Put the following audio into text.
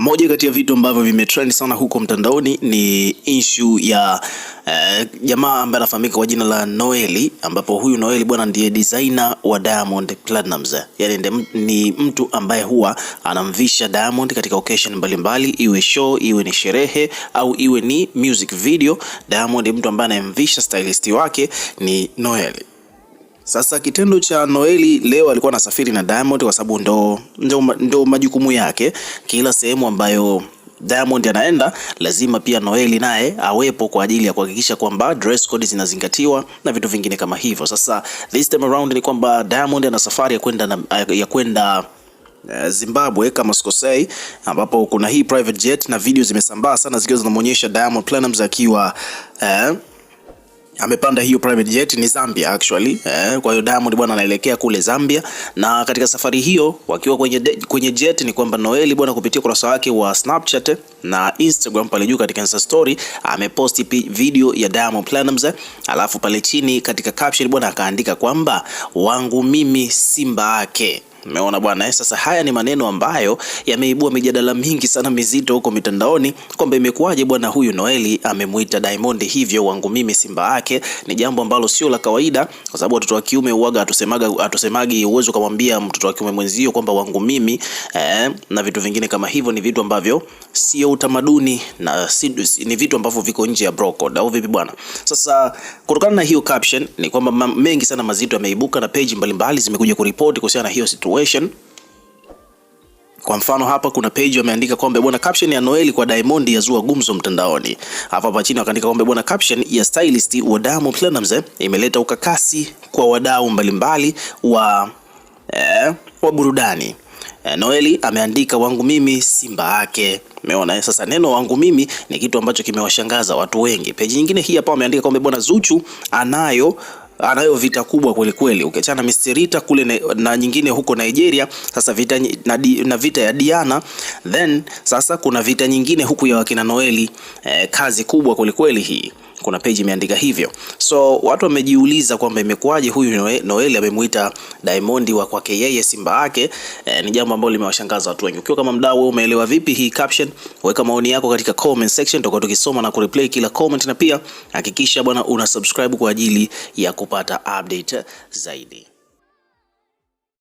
Moja kati ya vitu ambavyo vimetrend sana huko mtandaoni ni issue ya eh, jamaa eh, ambaye anafahamika kwa jina la Noeli, ambapo huyu Noeli bwana ndiye designer wa Diamond Platnumz. Yaani ni mtu ambaye huwa anamvisha Diamond katika occasion mbalimbali, iwe show, iwe ni sherehe au iwe ni music video. Diamond, mtu ambaye anayemvisha stylist wake ni Noeli. Sasa kitendo cha Noeli leo alikuwa anasafiri na Diamond kwa sababu ndo, ndo, ndo majukumu yake. Kila sehemu ambayo Diamond anaenda lazima pia Noeli naye awepo kwa ajili ya kuhakikisha kwamba dress code zinazingatiwa na vitu vingine kama hivyo. Sasa this time around ni kwamba Diamond ana safari ya kwenda ya kwenda eh, Zimbabwe kama sikosei, ambapo kuna hii private jet na video zimesambaa sana zikiwa zinamuonyesha Diamond Platinumz akiwa eh, amepanda hiyo private jet ni Zambia actually eh. Kwa hiyo Diamond bwana anaelekea kule Zambia, na katika safari hiyo wakiwa kwenye, de, kwenye jet ni kwamba Noeli bwana kupitia ukurasa wake wa Snapchat eh, na Instagram pale juu katika Insta story ameposti video ya Diamond Platnumz, eh. alafu pale chini katika caption bwana akaandika kwamba wangu mimi Simba yake Umeona bwana eh? Sasa haya ni maneno ambayo yameibua mijadala mingi sana mizito huko mitandaoni kwamba imekuwaje bwana huyu Noeli amemuita Diamond hivyo, wangu mimi Simba yake ni jambo ambalo sio la kawaida, kwa sababu watoto wa kiume huaga atusemaga atusemagi uwezo kumwambia mtoto wa kiume mwenzio kwamba wangu mimi eh, na vitu vingine kama hivyo ni vitu ambavyo sio utamaduni na si, ni vitu ambavyo viko nje ya bro code au vipi bwana. Sasa kutokana na hiyo caption ni kwamba mengi sana mazito yameibuka na page mbalimbali zimekuja kuripoti kuhusiana na hiyo situation promotion. Kwa mfano hapa kuna page wameandika kwamba bwana caption ya Noeli kwa Diamond yazua gumzo mtandaoni. Hapa hapa chini wakaandika kwamba bwana caption ya stylist wa Diamond Platnumz eh, imeleta ukakasi kwa wadau mbalimbali wa eh, wa burudani. Eh, Noeli ameandika wangu mimi Simba yake. Umeona eh, sasa, neno wangu mimi ni kitu ambacho kimewashangaza watu wengi. Page nyingine hii hapa wameandika kwamba bwana Zuchu anayo anayo vita kubwa kweli kweli, ukiachana Mr. Rita kule na, na nyingine huko Nigeria. Sasa vita na, na vita ya Diana, then sasa kuna vita nyingine huku ya wakina Noeli. Eh, kazi kubwa kweli kweli hii. Kuna page imeandika hivyo, so watu wamejiuliza kwamba imekuwaje huyu Noeli amemuita Diamond wa kwake yeye simba yake. E, ni jambo ambalo limewashangaza watu wengi. Ukiwa kama mdau, wewe umeelewa vipi hii caption? Weka maoni yako katika comment section, tutakuwa tukisoma na kureplay kila comment, na pia hakikisha bwana una subscribe kwa ajili ya ku kupata update zaidi.